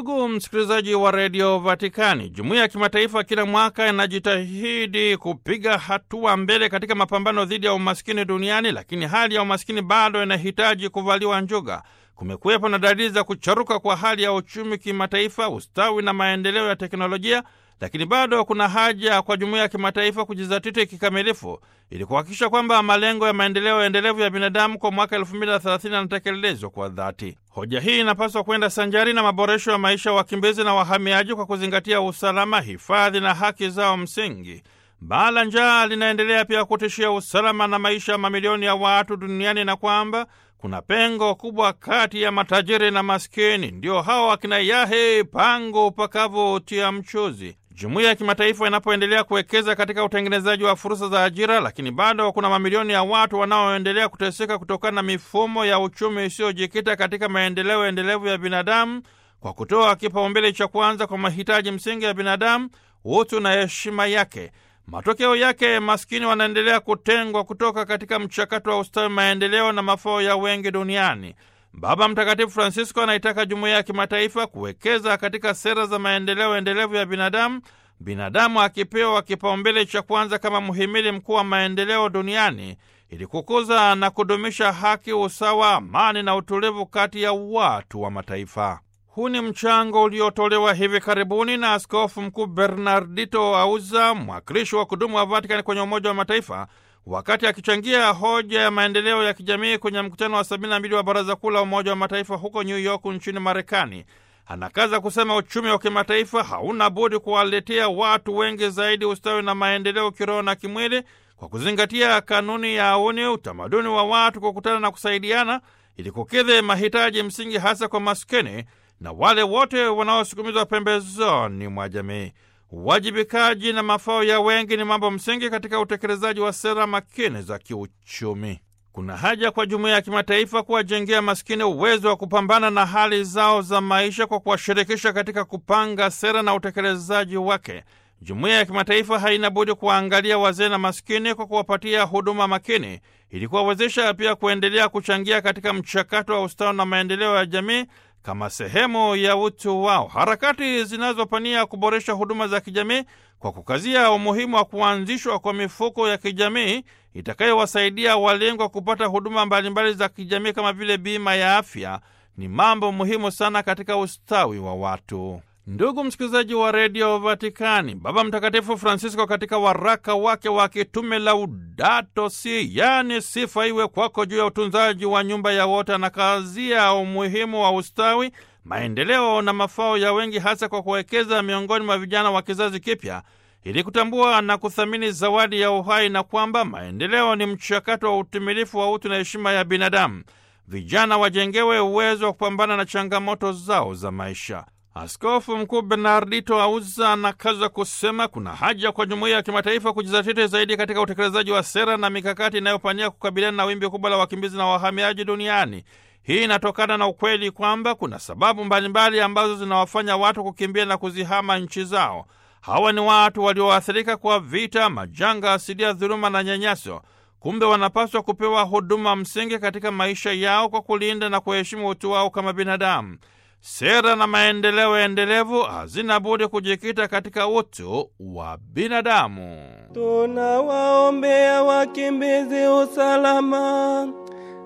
Ndugu msikilizaji wa redio Vatikani, jumuiya ya kimataifa kila mwaka inajitahidi kupiga hatua mbele katika mapambano dhidi ya umaskini duniani, lakini hali ya umaskini bado inahitaji kuvaliwa njuga. Kumekuwepo na dalili za kucharuka kwa hali ya uchumi kimataifa, ustawi na maendeleo ya teknolojia lakini bado kuna haja kwa jumuiya ya kimataifa kujizatiti kikamilifu ili kuhakikisha kwamba malengo ya maendeleo endelevu ya binadamu kwa mwaka 2030 yanatekelezwa kwa dhati. Hoja hii inapaswa kwenda sanjari na maboresho ya maisha ya wakimbizi na wahamiaji kwa kuzingatia usalama, hifadhi na haki zao msingi. Baa la njaa linaendelea pia kutishia usalama na maisha ya mamilioni ya watu duniani na kwamba kuna pengo kubwa kati ya matajiri na maskini. Ndio hawa wakina Yahe Pango upakavyo tia mchuzi. Jumuiya ya kimataifa inapoendelea kuwekeza katika utengenezaji wa fursa za ajira, lakini bado kuna mamilioni ya watu wanaoendelea kuteseka kutokana na mifumo ya uchumi isiyojikita katika maendeleo endelevu ya binadamu kwa kutoa kipaumbele cha kwanza kwa mahitaji msingi ya binadamu, utu na heshima yake. Matokeo yake, maskini wanaendelea kutengwa kutoka katika mchakato wa ustawi, maendeleo na mafao ya wengi duniani. Baba Mtakatifu Francisco anaitaka jumuiya ya kimataifa kuwekeza katika sera za maendeleo endelevu ya binadamu, binadamu akipewa kipaumbele cha kwanza kama mhimili mkuu wa maendeleo duniani ili kukuza na kudumisha haki, usawa, amani na utulivu kati ya watu wa mataifa. Huu ni mchango uliotolewa hivi karibuni na Askofu Mkuu Bernardito Auza, mwakilishi wa kudumu wa Vatikani kwenye Umoja wa Mataifa Wakati akichangia hoja ya maendeleo ya kijamii kwenye mkutano wa 72 wa Baraza Kuu la Umoja wa Mataifa huko New York nchini Marekani, anakaza kusema uchumi wa kimataifa hauna budi kuwaletea watu wengi zaidi ustawi na maendeleo kiroho na kimwili kwa kuzingatia kanuni ya auni, utamaduni wa watu kukutana na kusaidiana ili kukidhi mahitaji msingi, hasa kwa maskini na wale wote wanaosukumizwa pembezoni mwa jamii uwajibikaji na mafao ya wengi ni mambo msingi katika utekelezaji wa sera makini za kiuchumi. Kuna haja kwa jumuiya ya kimataifa kuwajengea maskini uwezo wa kupambana na hali zao za maisha kwa kuwashirikisha katika kupanga sera na utekelezaji wake. Jumuiya ya kimataifa haina budi kuwaangalia wazee na maskini kwa kuwapatia huduma makini ili kuwawezesha pia kuendelea kuchangia katika mchakato wa ustawi na maendeleo ya jamii kama sehemu ya utu wao. Harakati zinazopania kuboresha huduma za kijamii kwa kukazia umuhimu wa kuanzishwa kwa mifuko ya kijamii itakayowasaidia walengwa kupata huduma mbalimbali za kijamii kama vile bima ya afya ni mambo muhimu sana katika ustawi wa watu. Ndugu msikilizaji wa redio Vatikani, Baba Mtakatifu Francisco katika waraka wake wa kitume Laudato Si, yaani sifa iwe kwako, juu ya utunzaji wa nyumba ya wote, na kazia umuhimu wa ustawi, maendeleo na mafao ya wengi, hasa kwa kuwekeza miongoni mwa vijana wa kizazi kipya ili kutambua na kuthamini zawadi ya uhai na kwamba maendeleo ni mchakato wa utimilifu wa utu na heshima ya binadamu. Vijana wajengewe uwezo wa kupambana na changamoto zao za maisha. Askofu Mkuu Bernardito Auza anakaza kusema kuna haja kwa jumuiya ya kimataifa kujizatiti zaidi katika utekelezaji wa sera na mikakati inayopania kukabiliana na wimbi kubwa la wakimbizi na wahamiaji duniani. Hii inatokana na ukweli kwamba kuna sababu mbalimbali ambazo zinawafanya watu kukimbia na kuzihama nchi zao. Hawa ni watu walioathirika kwa vita, majanga asilia, dhuluma na nyanyaso. Kumbe wanapaswa kupewa huduma msingi katika maisha yao kwa kulinda na kuheshimu utu wao kama binadamu. Sera na maendeleo endelevu hazina budi kujikita katika utu wa binadamu. Tunawaombea wakimbizi usalama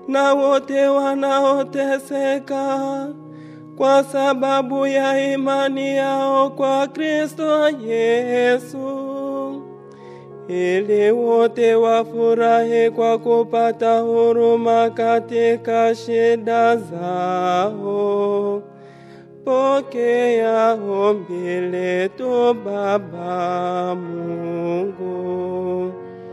na wote wanaoteseka kwa sababu ya imani yao kwa Kristo Yesu, ili wote wafurahi kwa kupata huruma katika shida zao. pokea umbile tu Baba Mungu.